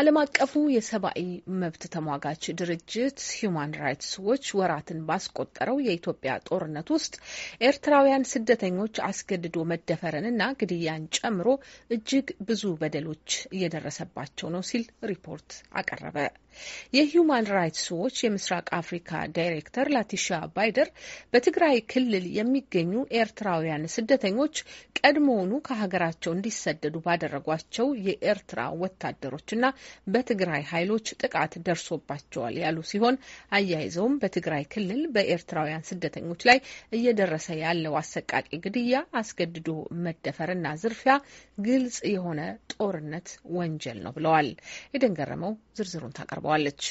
ዓለም አቀፉ የሰብአዊ መብት ተሟጋች ድርጅት ሂዩማን ራይትስ ዎች ወራትን ባስቆጠረው የኢትዮጵያ ጦርነት ውስጥ ኤርትራውያን ስደተኞች አስገድዶ መደፈርንና ግድያን ጨምሮ እጅግ ብዙ በደሎች እየደረሰባቸው ነው ሲል ሪፖርት አቀረበ። የሂዩማን ራይትስ ዎች የምስራቅ አፍሪካ ዳይሬክተር ላቲሻ ባይደር በትግራይ ክልል የሚገኙ ኤርትራውያን ስደተኞች ቀድሞውኑ ከሀገራቸው እንዲሰደዱ ባደረጓቸው የኤርትራ ወታደሮችና በትግራይ ኃይሎች ጥቃት ደርሶባቸዋል ያሉ ሲሆን አያይዘውም በትግራይ ክልል በኤርትራውያን ስደተኞች ላይ እየደረሰ ያለው አሰቃቂ ግድያ፣ አስገድዶ መደፈርና ዝርፊያ ግልጽ የሆነ ጦርነት ወንጀል ነው ብለዋል። የደንገረመው ዝርዝሩን ታቀርበዋል። አስታውቃለች።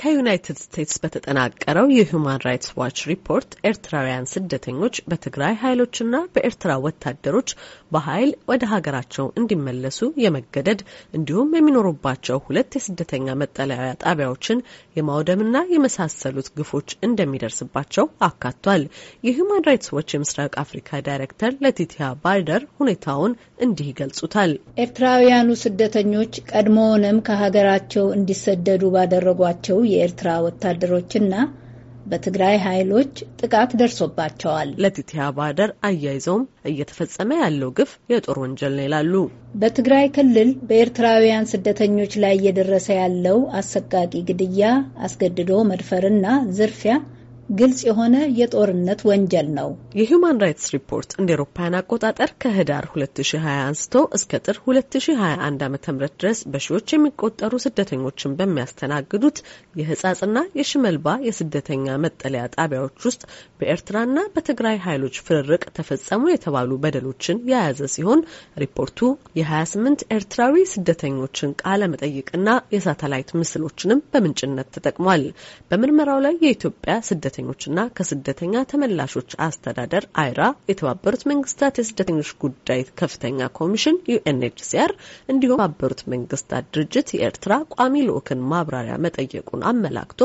ከዩናይትድ ስቴትስ በተጠናቀረው የሁማን ራይትስ ዋች ሪፖርት ኤርትራውያን ስደተኞች በትግራይ ኃይሎችና በኤርትራ ወታደሮች በኃይል ወደ ሀገራቸው እንዲመለሱ የመገደድ እንዲሁም የሚኖሩባቸው ሁለት የስደተኛ መጠለያ ጣቢያዎችን የማውደምና የመሳሰሉት ግፎች እንደሚደርስባቸው አካቷል። የሁማን ራይትስ ዋች የምስራቅ አፍሪካ ዳይሬክተር ለቲቲያ ባይደር ሁኔታውን እንዲህ ይገልጹታል። ኤርትራውያኑ ስደተኞች ቀድሞውንም ከሀገራቸው እንዲሰደዱ ባደረጓቸው የኤርትራ ወታደሮችና በትግራይ ኃይሎች ጥቃት ደርሶባቸዋል። ለቲቲያ ባደር አያይዘውም እየተፈጸመ ያለው ግፍ የጦር ወንጀል ነው ይላሉ። በትግራይ ክልል በኤርትራውያን ስደተኞች ላይ እየደረሰ ያለው አሰቃቂ ግድያ፣ አስገድዶ መድፈርና ዝርፊያ ግልጽ የሆነ የጦርነት ወንጀል ነው። የሁማን ራይትስ ሪፖርት እንደ ኤሮፓያን አቆጣጠር ከህዳር 2020 አንስቶ እስከ ጥር 2021 ዓ.ም ድረስ በሺዎች የሚቆጠሩ ስደተኞችን በሚያስተናግዱት የህጻጽና የሽመልባ የስደተኛ መጠለያ ጣቢያዎች ውስጥ በኤርትራና በትግራይ ኃይሎች ፍርርቅ ተፈጸሙ የተባሉ በደሎችን የያዘ ሲሆን ሪፖርቱ የ28 ኤርትራዊ ስደተኞችን ቃለ መጠይቅና የሳተላይት ምስሎችንም በምንጭነት ተጠቅሟል። በምርመራው ላይ የኢትዮጵያ ስደ ስደተኞችና ከስደተኛ ተመላሾች አስተዳደር አይራ፣ የተባበሩት መንግስታት የስደተኞች ጉዳይ ከፍተኛ ኮሚሽን ዩኤንኤችሲአር እንዲሁም የተባበሩት መንግስታት ድርጅት የኤርትራ ቋሚ ልዑክን ማብራሪያ መጠየቁን አመላክቶ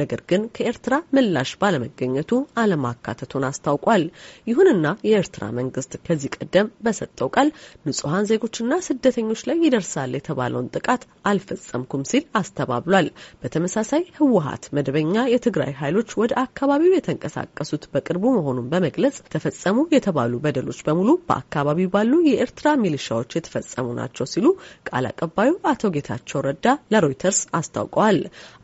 ነገር ግን ከኤርትራ ምላሽ ባለመገኘቱ አለማካተቱን አስታውቋል። ይሁንና የኤርትራ መንግስት ከዚህ ቀደም በሰጠው ቃል ንጹሐን ዜጎችና ስደተኞች ላይ ይደርሳል የተባለውን ጥቃት አልፈጸምኩም ሲል አስተባብሏል። በተመሳሳይ ህወሀት መደበኛ የትግራይ ኃይሎች ወደ በአካባቢው የተንቀሳቀሱት በቅርቡ መሆኑን በመግለጽ ተፈጸሙ የተባሉ በደሎች በሙሉ በአካባቢው ባሉ የኤርትራ ሚሊሻዎች የተፈጸሙ ናቸው ሲሉ ቃል አቀባዩ አቶ ጌታቸው ረዳ ለሮይተርስ አስታውቀዋል።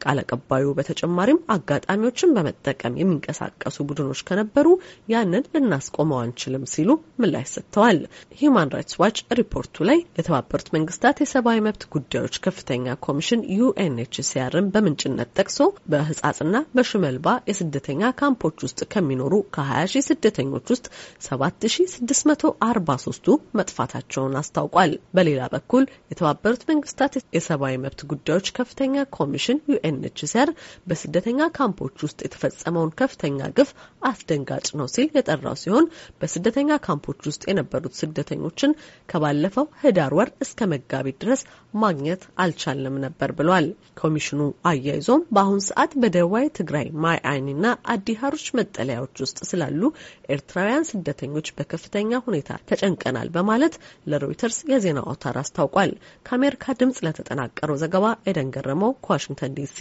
ቃል አቀባዩ በተጨማሪም አጋጣሚዎችን በመጠቀም የሚንቀሳቀሱ ቡድኖች ከነበሩ ያንን ልናስቆመው አንችልም ሲሉ ምላሽ ሰጥተዋል። ሂዩማን ራይትስ ዋች ሪፖርቱ ላይ የተባበሩት መንግስታት የሰብአዊ መብት ጉዳዮች ከፍተኛ ኮሚሽን ዩኤንኤችሲአርን በምንጭነት ጠቅሶ በህጻጽና በሽመልባ የስደ ስደተኛ ካምፖች ውስጥ ከሚኖሩ ከ20 ሺህ ስደተኞች ውስጥ 7643ቱ መጥፋታቸውን አስታውቋል። በሌላ በኩል የተባበሩት መንግስታት የሰብአዊ መብት ጉዳዮች ከፍተኛ ኮሚሽን ዩኤንኤችሲአር በስደተኛ ካምፖች ውስጥ የተፈጸመውን ከፍተኛ ግፍ አስደንጋጭ ነው ሲል የጠራው ሲሆን በስደተኛ ካምፖች ውስጥ የነበሩት ስደተኞችን ከባለፈው ህዳር ወር እስከ መጋቢት ድረስ ማግኘት አልቻለም ነበር ብሏል። ኮሚሽኑ አያይዞም በአሁን ሰዓት በደቡባዊ ትግራይ ማይ አይኒና ና አዲሃሮች መጠለያዎች ውስጥ ስላሉ ኤርትራውያን ስደተኞች በከፍተኛ ሁኔታ ተጨንቀናል በማለት ለሮይተርስ የዜና አውታር አስታውቋል። ከአሜሪካ ድምጽ ለተጠናቀረው ዘገባ ኤደን ገረመው ከዋሽንግተን ዲሲ